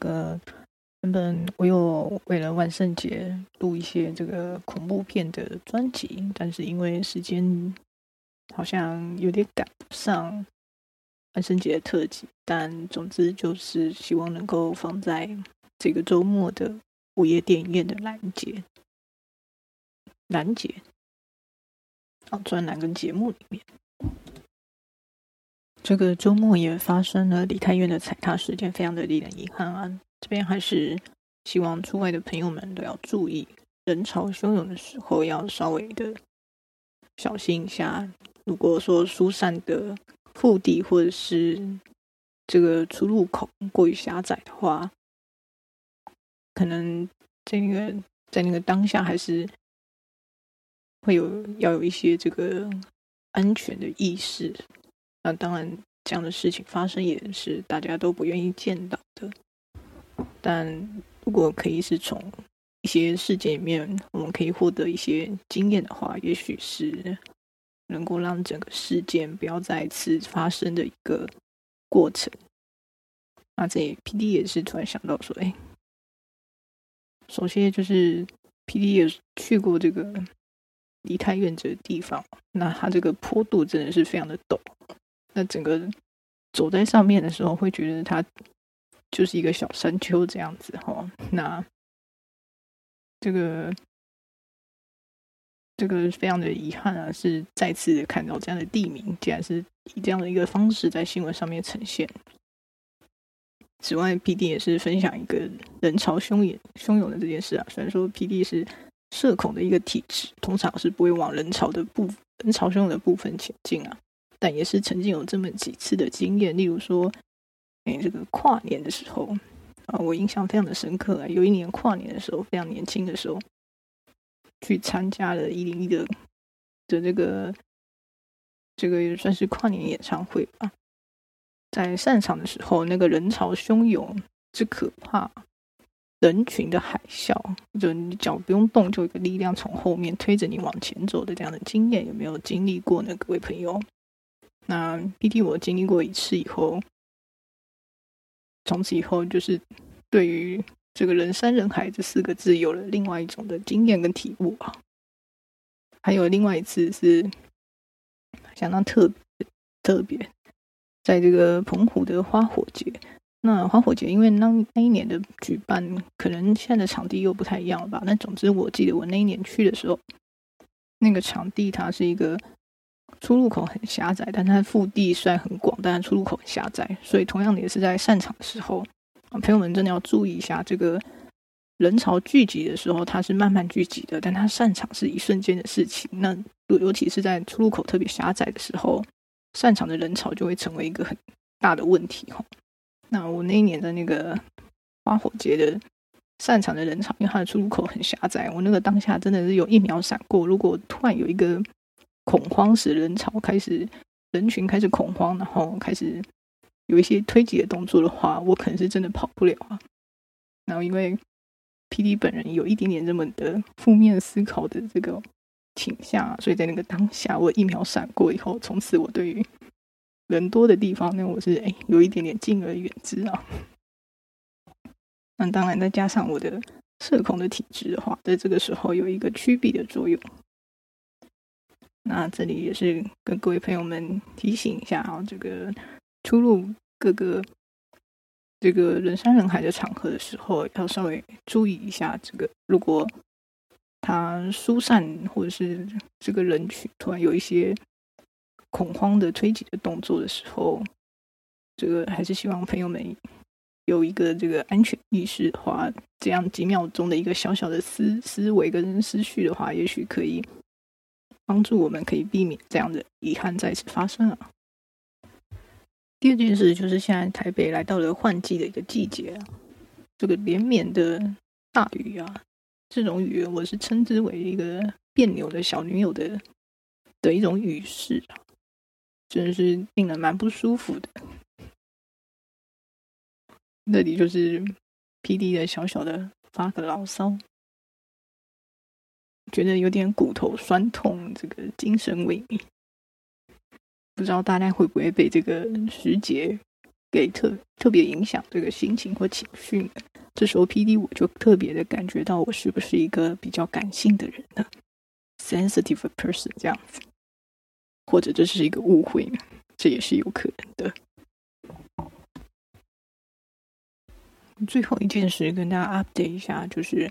個，原本，本我有為了萬聖節錄一些這個恐怖片的專輯，但是因為時間好像有點趕不上萬聖節的特輯，但總之就是希望能夠放在這個週末的午夜電影院的攔截攔截啊專欄跟節目裡面。這個周末也發生了梨泰院的踩踏事件，非常的令人遺憾啊！這邊還是希望出外的朋友們都要注意，人潮洶湧的時候要稍微的小心一下。如果說疏散的腹地或者是這個出入口過於狹窄的話，可能這個在那個當下還是會有要有一些這個安全的意識。那當然，這樣的事情發生也是大家都不願意見到的。但如果可以是從一些事件裡面，我們可以獲得一些經驗的話，也許是能夠讓整個事件不要再次發生的一個過程。那這 P D 也是突然想到說：“哎，首先就是 P D 也去過這個梨泰院這個地方，那它這個坡度真的是非常的陡。”那整個走在上面的時候，會覺得它就是一個小山丘這樣子哈。那這個這個非常的遺憾啊，是再次看到這樣的地名，竟然是以這樣的一個方式在新聞上面呈現。此外，PD 也是分享一個人潮洶湧洶湧的這件事啊。雖然說 PD 是社恐的一個體質，通常是不會往人潮的部分、人潮洶湧的部分前進啊。但也是曾經有這麼幾次的經驗，例如說，哎、欸，這個跨年的時候啊，我印象非常的深刻啊。有一年跨年的時候，非常年輕的時候，去參加了一零一的的這個這個也算是跨年演唱會吧。在散場的時候，那個人潮洶湧，之可怕，人群的海嘯，就你腳不用動，就有一個力量從後面推着你往前走的這樣的經驗，有沒有經歷過呢，各位朋友？那 PD 我經歷過一次以後，從此以後就是對於這個人山人海這四個字有了另外一種的經驗跟體悟啊。還有另外一次是相當特別特別，在這個澎湖的花火節。那花火節，因為那那一年的舉辦，可能現在的場地又不太一樣了吧？那總之，我記得我那一年去的時候，那個場地它是一個。出入口很狹窄，但它腹地雖然很廣，但它出入口很狹窄，所以同樣的也是在散場的時候，朋友們真的要注意一下，這個人潮聚集的時候它是慢慢聚集的，但它散場是一瞬間的事情。那尤尤其是在出入口特別狹窄的時候，散場的人潮就會成為一個很大的問題哈。那我那一年的那個花火節的散場的人潮，因為它的出入口很狹窄，我那個當下真的是有一秒閃過，如果突然有一個。恐慌使人潮開始，人群開始恐慌，然後開始有一些推擠的動作的話，我可能是真的跑不了啊。然後因為 PD 本人有一點點這麼的負面思考的這個傾向，所以在那個當下，我一秒閃過以後，從此我對於人多的地方呢，我是哎有一點點敬而遠之啊。那當然再加上我的社恐的體質的話，在這個時候有一個驅避的作用。那這裡也是跟各位朋友們提醒一下啊、哦，這個出入各個這個人山人海的場合的時候，要稍微注意一下。這個如果他疏散或者是這個人群突然有一些恐慌的推擠的動作的時候，這個還是希望朋友們有一個這個安全意識的話，話，這樣幾秒鐘的一個小小的思思維跟思緒的話，也許可以。幫助我們可以避免這樣的遺憾再次發生啊！第二件事就是現在台北來到了換季的一個季節啊，這個連綿的大雨啊，這種雨我是稱之為一個彆扭的小女友的的一種雨勢啊，真是令人蠻不舒服的。那裡就是 P.D. 的小小的發個牢騷。覺得有點骨頭酸痛，這個精神萎靡，不知道大家會不會被這個時節給特特別影響這個心情或情緒呢？這時候 PD 我就特別的感覺到，我是不是一個比較感性的人呢？Sensitive person 這樣子，或者這是一個誤會呢，這也是有可能的。最後一件事跟大家 update 一下，就是。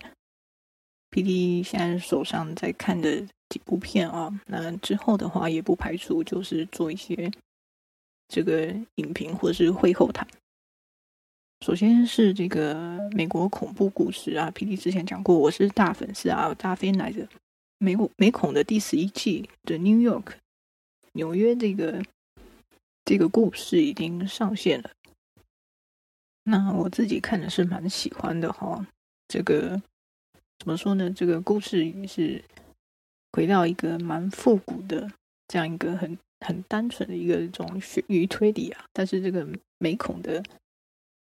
PD 現在手上在看的幾部片啊，那之後的話也不排除就是做一些這個影評或者是會後談。首先是這個美國恐怖故事啊，PD 之前講過，我是大粉絲啊，我大 fan 來的美美恐的第十一季的 New York，紐約這個這個故事已經上線了。那我自己看的是蠻喜歡的哈、哦，這個。怎麼說呢？這個故事也是回到一個蠻復古的這樣一個很很單純的一個這種懸疑推理啊。但是這個美恐的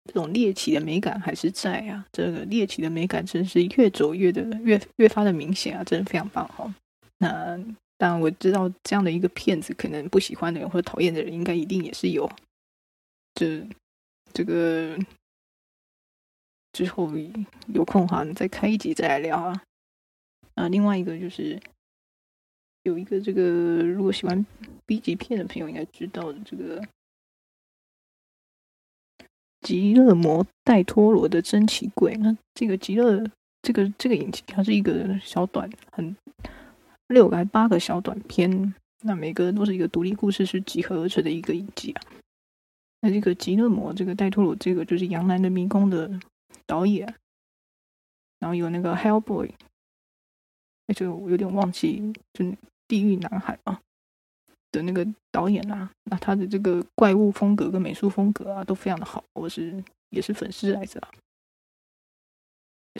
這種獵奇的美感還是在啊。這個獵奇的美感真是越走越的越越發的明顯啊，真的非常棒哈、哦。那但我知道這樣的一個片子，可能不喜歡的人或者討厭的人，應該一定也是有這這個。之後有空的話，你再開一集再來聊啊。啊，另外一個就是有一個這個，如果喜歡 B 級片的朋友應該知道的這個《吉勒摩戴托羅》的《珍奇櫃》，那這個《吉勒摩》這個這個影集，它是一個小短，很六個還八個小短片，那每個都是一個獨立故事，是集合而成的一個影集啊。那這個《吉勒摩》這個戴托羅，這個就是《羊男的迷宮》的。導演，然後有那個 Hellboy，那、哎、就我有點忘記，就地獄男孩啊的那個導演啊，那他的這個怪物風格跟美術風格啊都非常的好，我是也是粉絲來着、啊。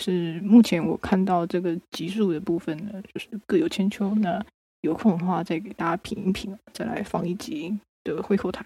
是目前我看到這個集數的部分呢，就是各有千秋。那有空的話再給大家品一品，再來放一集的會後談。